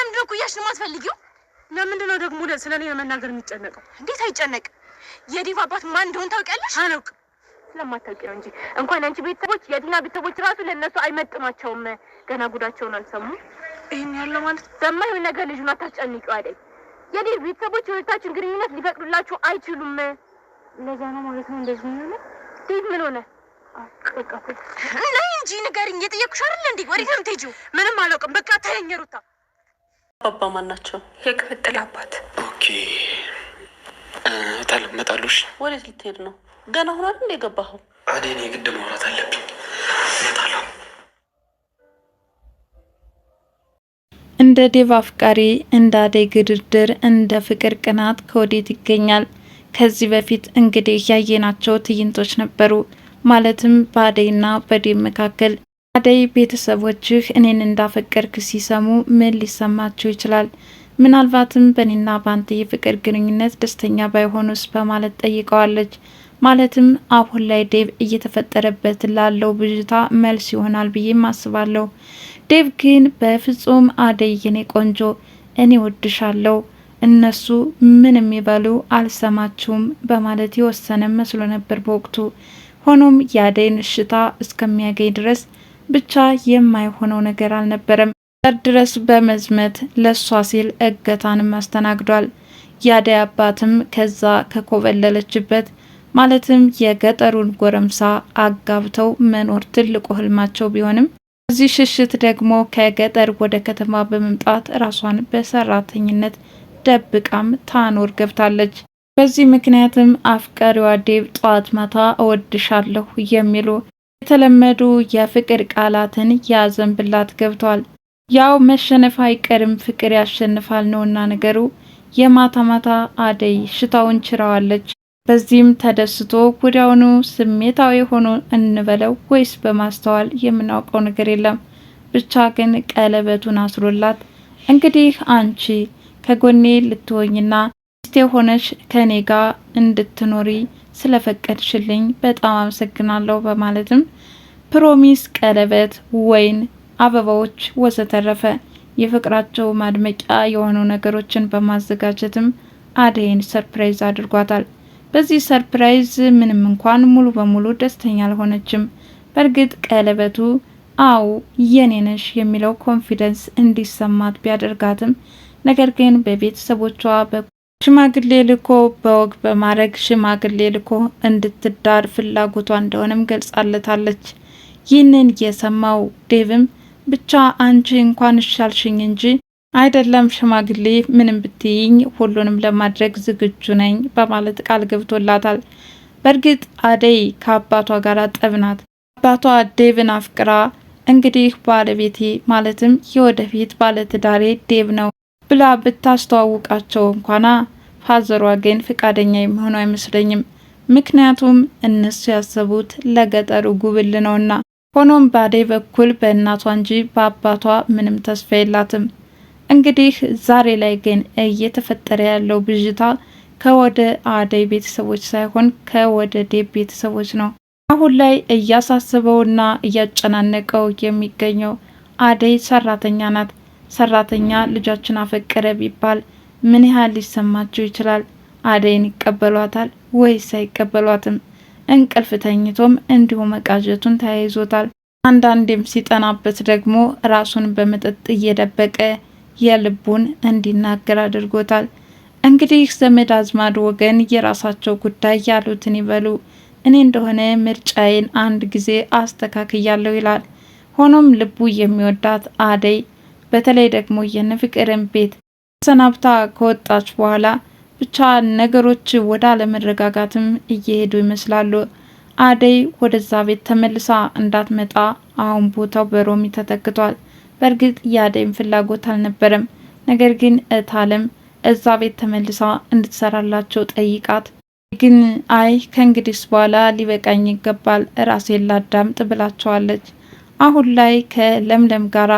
አንቺ ለምንድነው ኩያሽ ነው የማትፈልጊው? ለምንድነው ደግሞ ስለ እኔ ለመናገር የሚጨነቀው? እንዴት አይጨነቅ? የዲቭ አባት ማን እንደሆነ ታውቂያለሽ? አላውቅም። ስለማታውቂ ነው እንጂ እንኳን አንቺ ቤተሰቦች፣ የዲና ቤተሰቦች ራሱ ለእነሱ አይመጥማቸውም። ገና ጉዳቸውን አልሰሙ። ይህን ያለው ማለት በማይሆን ነገር ልጁን አታስጨንቂው አይደል? የዲቭ ቤተሰቦች የሁለታችሁን ግንኙነት ሊፈቅዱላችሁ አይችሉም። ለዛ ነው ማለት ነው እንደዚህ ሆነ። ዴቭ ምን ሆነ? አቀቀቁ እና እንጂ ንገሪኝ፣ የጠየኩሽ አይደል እንዴ? ወዴት ነው የምትሄጂው? ምንም አላውቅም። በቃ ተለኝ ሩታ አባ ማን ናቸው? የቅምጥል አባት። ኦኬ እታል መጣሉሽ። ወዴት ልትሄድ ነው? ገና አሁን አይደል እንደ የገባኸው? አዴን ግድ ማውራት አለብኝ። እንደ ዴቭ አፍቃሪ፣ እንደ አደይ ግድድር እንደ ፍቅር ቅናት ከወዴት ይገኛል? ከዚህ በፊት እንግዲህ ያየናቸው ትዕይንቶች ነበሩ። ማለትም በአደይና በዴቭ መካከል አደይ ቤተሰቦችህ እኔን እንዳፈቀርክ ሲሰሙ ምን ሊሰማቸው ይችላል? ምናልባትም በእኔና በአንተ የፍቅር ግንኙነት ደስተኛ ባይሆኑስ በማለት ጠይቀዋለች። ማለትም አሁን ላይ ዴቭ እየተፈጠረበት ላለው ብዥታ መልስ ይሆናል ብዬም አስባለሁ። ዴቭ ግን በፍጹም አደይ የኔ ቆንጆ፣ እኔ ወድሻለሁ፣ እነሱ ምን የሚበሉ አልሰማችሁም በማለት የወሰነ መስሎ ነበር በወቅቱ። ሆኖም የአደይን እሽታ እስከሚያገኝ ድረስ ብቻ የማይሆነው ነገር አልነበረም። ዳር ድረስ በመዝመት ለእሷ ሲል እገታንም አስተናግዷል። የአደይ አባትም ከዛ ከኮበለለችበት ማለትም የገጠሩን ጎረምሳ አጋብተው መኖር ትልቁ ህልማቸው ቢሆንም እዚህ ሽሽት ደግሞ ከገጠር ወደ ከተማ በመምጣት ራሷን በሰራተኝነት ደብቃም ታኖር ገብታለች። በዚህ ምክንያትም አፍቃሪዋ ዴብ ጠዋት ማታ እወድሻለሁ የሚሉ የተለመዱ የፍቅር ቃላትን ያዘንብላት ገብቷል። ያው መሸነፍ አይቀርም ፍቅር ያሸንፋል ነውና ነገሩ። የማታ ማታ አደይ ሽታውን ችራዋለች። በዚህም ተደስቶ ወዲያውኑ ስሜታዊ ሆኖ እንበለው ወይስ በማስተዋል የምናውቀው ነገር የለም። ብቻ ግን ቀለበቱን አስሮላት እንግዲህ አንቺ ከጎኔ ልትወኝና ሚስቴ ሆነሽ ከኔ ጋር እንድትኖሪ ስለፈቀድሽልኝ በጣም አመሰግናለሁ በማለትም ፕሮሚስ፣ ቀለበት፣ ወይን፣ አበባዎች ወዘተረፈ የፍቅራቸው ማድመቂያ የሆኑ ነገሮችን በማዘጋጀትም አደይን ሰርፕራይዝ አድርጓታል። በዚህ ሰርፕራይዝ ምንም እንኳን ሙሉ በሙሉ ደስተኛ አልሆነችም። በእርግጥ ቀለበቱ አው የኔ ነሽ የሚለው ኮንፊደንስ እንዲሰማት ቢያደርጋትም ነገር ግን በቤተሰቦቿ ሽማግሌ ልኮ በወግ በማድረግ ሽማግሌ ልኮ እንድትዳር ፍላጎቷ እንደሆነም ገልጻለታለች። ይህንን የሰማው ዴቭም ብቻ አንቺ እንኳን እሻልሽኝ እንጂ አይደለም ሽማግሌ ምንም ብትይኝ ሁሉንም ለማድረግ ዝግጁ ነኝ በማለት ቃል ገብቶላታል። በእርግጥ አደይ ከአባቷ ጋር ጠብናት። አባቷ ዴቭን አፍቅራ እንግዲህ ባለቤቴ ማለትም የወደፊት ባለትዳሬ ዴቭ ነው ብላ ብታስተዋውቃቸው እንኳና ፋዘሯ ግን ፍቃደኛ የሚሆኑ አይመስለኝም። ምክንያቱም እነሱ ያሰቡት ለገጠሩ ጉብል ነውና። ሆኖም በአደይ በኩል በእናቷ እንጂ በአባቷ ምንም ተስፋ የላትም። እንግዲህ ዛሬ ላይ ግን እየተፈጠረ ያለው ብዥታ ከወደ አደይ ቤተሰቦች ሳይሆን ከወደ ዴብ ቤተሰቦች ነው። አሁን ላይ እያሳስበውና እያጨናነቀው የሚገኘው አደይ ሰራተኛ ናት። ሰራተኛ ልጃችን አፈቀረ ቢባል ምን ያህል ሊሰማቸው ይችላል? አደይን ይቀበሏታል ወይስ አይቀበሏትም? እንቅልፍ ተኝቶም እንዲሁ መቃዠቱን ተያይዞታል። አንዳንዴም ሲጠናበት ደግሞ ራሱን በመጠጥ እየደበቀ የልቡን እንዲናገር አድርጎታል። እንግዲህ ዘመድ አዝማድ ወገን የራሳቸው ጉዳይ ያሉትን ይበሉ፣ እኔ እንደሆነ ምርጫዬን አንድ ጊዜ አስተካክያለሁ ይላል። ሆኖም ልቡ የሚወዳት አደይ በተለይ ደግሞ የንፍቅርን ቤት ሰናብታ ከወጣች በኋላ ብቻ ነገሮች ወደ አለመረጋጋትም እየሄዱ ይመስላሉ። አደይ ወደዛ ቤት ተመልሳ እንዳትመጣ አሁን ቦታው በሮሚ ተተክቷል። በእርግጥ የአደይም ፍላጎት አልነበረም። ነገር ግን እታለም እዛ ቤት ተመልሳ እንድትሰራላቸው ጠይቃት ግን አይ ከእንግዲህስ በኋላ ሊበቃኝ ይገባል ራሴን ላዳምጥ ብላቸዋለች። አሁን ላይ ከለምለም ጋራ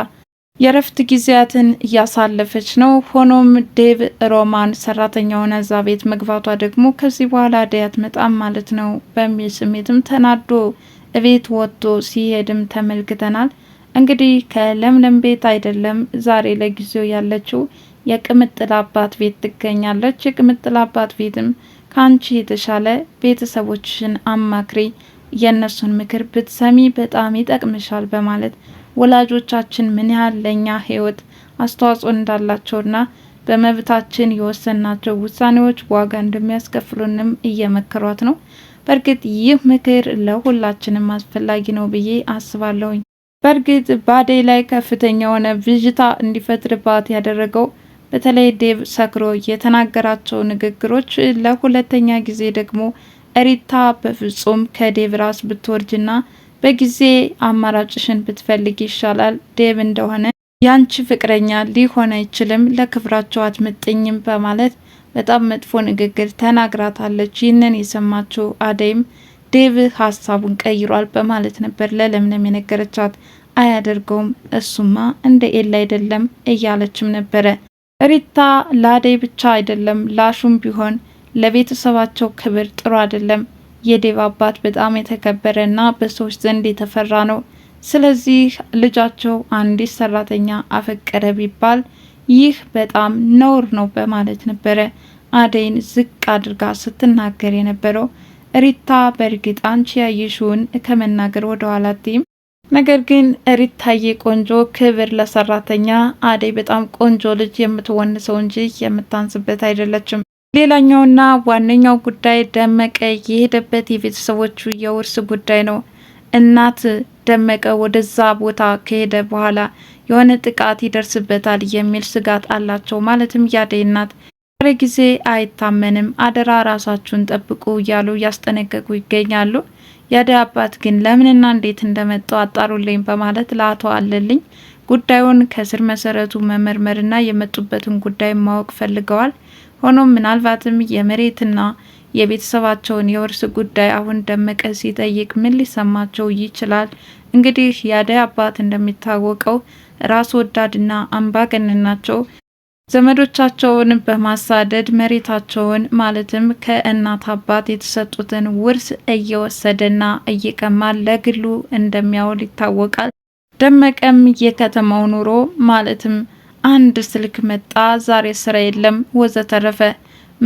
የእረፍት ጊዜያትን እያሳለፈች ነው። ሆኖም ዴቭ ሮማን ሰራተኛውን እዛ ቤት መግባቷ ደግሞ ከዚህ በኋላ አደይ መጣም ማለት ነው በሚል ስሜትም ተናዶ እቤት ወጥቶ ሲሄድም ተመልክተናል። እንግዲህ ከለምለም ቤት አይደለም ዛሬ ለጊዜው ያለችው የቅምጥል አባት ቤት ትገኛለች። የቅምጥል አባት ቤትም ከአንቺ የተሻለ ቤተሰቦችሽን አማክሪ፣ የእነሱን ምክር ብትሰሚ በጣም ይጠቅምሻል በማለት ወላጆቻችን ምን ያህል ለእኛ ህይወት አስተዋጽኦ እንዳላቸውና በመብታችን የወሰናቸው ውሳኔዎች ዋጋ እንደሚያስከፍሉንም እየመከሯት ነው። በእርግጥ ይህ ምክር ለሁላችንም አስፈላጊ ነው ብዬ አስባለሁኝ። በእርግጥ ባዴ ላይ ከፍተኛ የሆነ ብዥታ እንዲፈጥርባት ያደረገው በተለይ ዴቭ ሰክሮ የተናገራቸው ንግግሮች፣ ለሁለተኛ ጊዜ ደግሞ እሪታ በፍጹም ከዴቭ ራስ ብትወርጅና በጊዜ አማራጭሽን ብትፈልግ ይሻላል። ዴብ እንደሆነ ያንቺ ፍቅረኛ ሊሆን አይችልም፣ ለክብራቸው አትመጥኝም በማለት በጣም መጥፎ ንግግር ተናግራታለች። ይህንን የሰማችው አደይም ዴብ ሀሳቡን ቀይሯል በማለት ነበር ለለምለም የነገረቻት። አያደርገውም እሱማ እንደ ኤል አይደለም እያለችም ነበረ። ሪታ ለአደይ ብቻ አይደለም ላሹም ቢሆን ለቤተሰባቸው ክብር ጥሩ አይደለም የዴቭ አባት በጣም የተከበረና በሰዎች ዘንድ የተፈራ ነው። ስለዚህ ልጃቸው አንዲት ሰራተኛ አፈቀረ ቢባል ይህ በጣም ነውር ነው በማለት ነበረ አደይን ዝቅ አድርጋ ስትናገር የነበረው። ሪታ በእርግጥ አንቺ ያየሽውን ከመናገር ወደ ኋላ አትይም። ነገር ግን ሪታዬ ቆንጆ ክብር ለሰራተኛ አደይ በጣም ቆንጆ ልጅ የምትወንሰው እንጂ የምታንስበት አይደለችም። ሌላኛውና ዋነኛው ጉዳይ ደመቀ የሄደበት የቤተሰቦቹ የውርስ ጉዳይ ነው። እናት ደመቀ ወደዛ ቦታ ከሄደ በኋላ የሆነ ጥቃት ይደርስበታል የሚል ስጋት አላቸው። ማለትም ያደይ እናት ረ ጊዜ አይታመንም፣ አደራ ራሳችሁን ጠብቁ እያሉ እያስጠነቀቁ ይገኛሉ። ያደይ አባት ግን ለምንና እንዴት እንደመጣው አጣሩልኝ በማለት ለአቶ አለልኝ ጉዳዩን ከስር መሰረቱ መመርመርና የመጡበትን ጉዳይ ማወቅ ፈልገዋል። ሆኖም ምናልባትም የመሬትና የቤተሰባቸውን የውርስ ጉዳይ አሁን ደመቀ ሲጠይቅ ምን ሊሰማቸው ይችላል? እንግዲህ የአደይ አባት እንደሚታወቀው ራስ ወዳድና አምባገነን ናቸው። ዘመዶቻቸውን በማሳደድ መሬታቸውን ማለትም ከእናት አባት የተሰጡትን ውርስ እየወሰደና እየቀማ ለግሉ እንደሚያውል ይታወቃል። ደመቀም የከተማው ኑሮ ማለትም አንድ ስልክ መጣ፣ ዛሬ ስራ የለም ወዘተረፈ።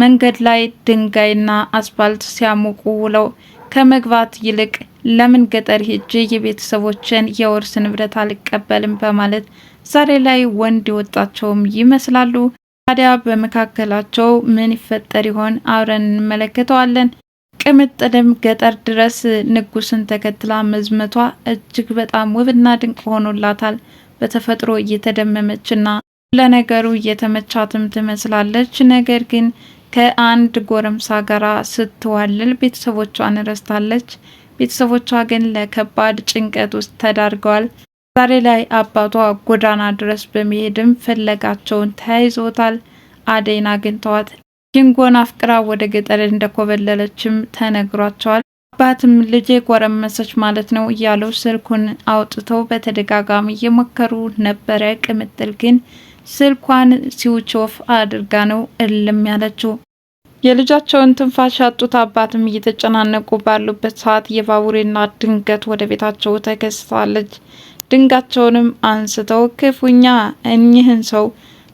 መንገድ ላይ ድንጋይና አስፋልት ሲያሞቁ ውለው ከመግባት ይልቅ ለምን ገጠር ሄጄ የቤተሰቦችን የውርስ ንብረት አልቀበልም በማለት ዛሬ ላይ ወንድ የወጣቸውም ይመስላሉ። ታዲያ በመካከላቸው ምን ይፈጠር ይሆን? አብረን እንመለከተዋለን። ቅምጥልም ገጠር ድረስ ንጉስን ተከትላ መዝመቷ እጅግ በጣም ውብና ድንቅ ሆኖላታል። በተፈጥሮ እየተደመመችና ለነገሩ እየተመቻትም ትመስላለች። ነገር ግን ከአንድ ጎረምሳ ጋራ ስትዋልል ቤተሰቦቿን እረስታለች። ቤተሰቦቿ ግን ለከባድ ጭንቀት ውስጥ ተዳርገዋል። ዛሬ ላይ አባቷ ጎዳና ድረስ በመሄድም ፍለጋቸውን ተያይዞታል። አደይን አግኝተዋት ኪንጎን አፍቅራ ወደ ገጠር እንደኮበለለችም ተነግሯቸዋል። አባትም ልጄ ጎረመሰች ማለት ነው እያለው ስልኩን አውጥተው በተደጋጋሚ እየሞከሩ ነበረ። ቅምጥል ግን ስልኳን ስዊች ኦፍ አድርጋ ነው እልም ያለችው። የልጃቸውን ትንፋሽ ያጡት አባትም እየተጨናነቁ ባሉበት ሰዓት የባቡሬና ድንገት ወደ ቤታቸው ተከስታለች። ድንጋቸውንም አንስተው ክፉኛ እኚህን ሰው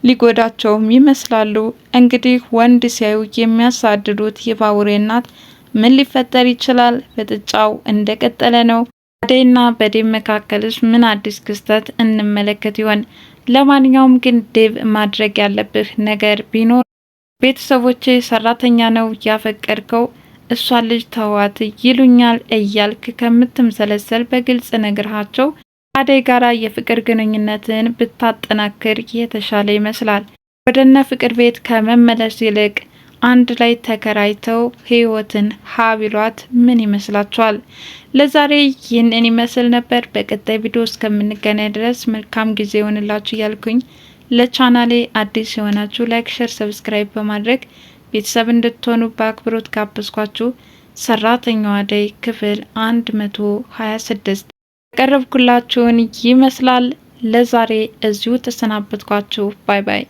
ሊጎዳቸውም ይመስላሉ። እንግዲህ ወንድ ሲያዩ የሚያሳድዱት የባቡሬ እናት ምን ሊፈጠር ይችላል? ፍጥጫው እንደቀጠለ ነው። አደይና በዴ መካከልስ ምን አዲስ ክስተት እንመለከት ይሆን? ለማንኛውም ግን ዴቭ ማድረግ ያለብህ ነገር ቢኖር ቤተሰቦቼ ሰራተኛ ነው ያፈቀድከው እሷ ልጅ ተዋት ይሉኛል እያልክ ከምትምሰለሰል በግልጽ ነግርሃቸው አደይ ጋራ የፍቅር ግንኙነትን ብታጠናክር የተሻለ ይመስላል። ወደነ ፍቅር ቤት ከመመለስ ይልቅ አንድ ላይ ተከራይተው ህይወትን ሀቢሏት ምን ይመስላችኋል? ለዛሬ ይህንን ይመስል ነበር። በቀጣይ ቪዲዮ እስከምንገናኝ ድረስ መልካም ጊዜ ይሆንላችሁ እያልኩኝ ለቻናሌ አዲስ የሆናችሁ ላይክ፣ ሸር፣ ሰብስክራይብ በማድረግ ቤተሰብ እንድትሆኑ በአክብሮት ጋበዝኳችሁ። ሰራተኛዋ አደይ ክፍል 126 መቶ ያቀረብኩላችሁን ይመስላል። ለዛሬ እዚሁ ተሰናበትኳችሁ። ባይ ባይ።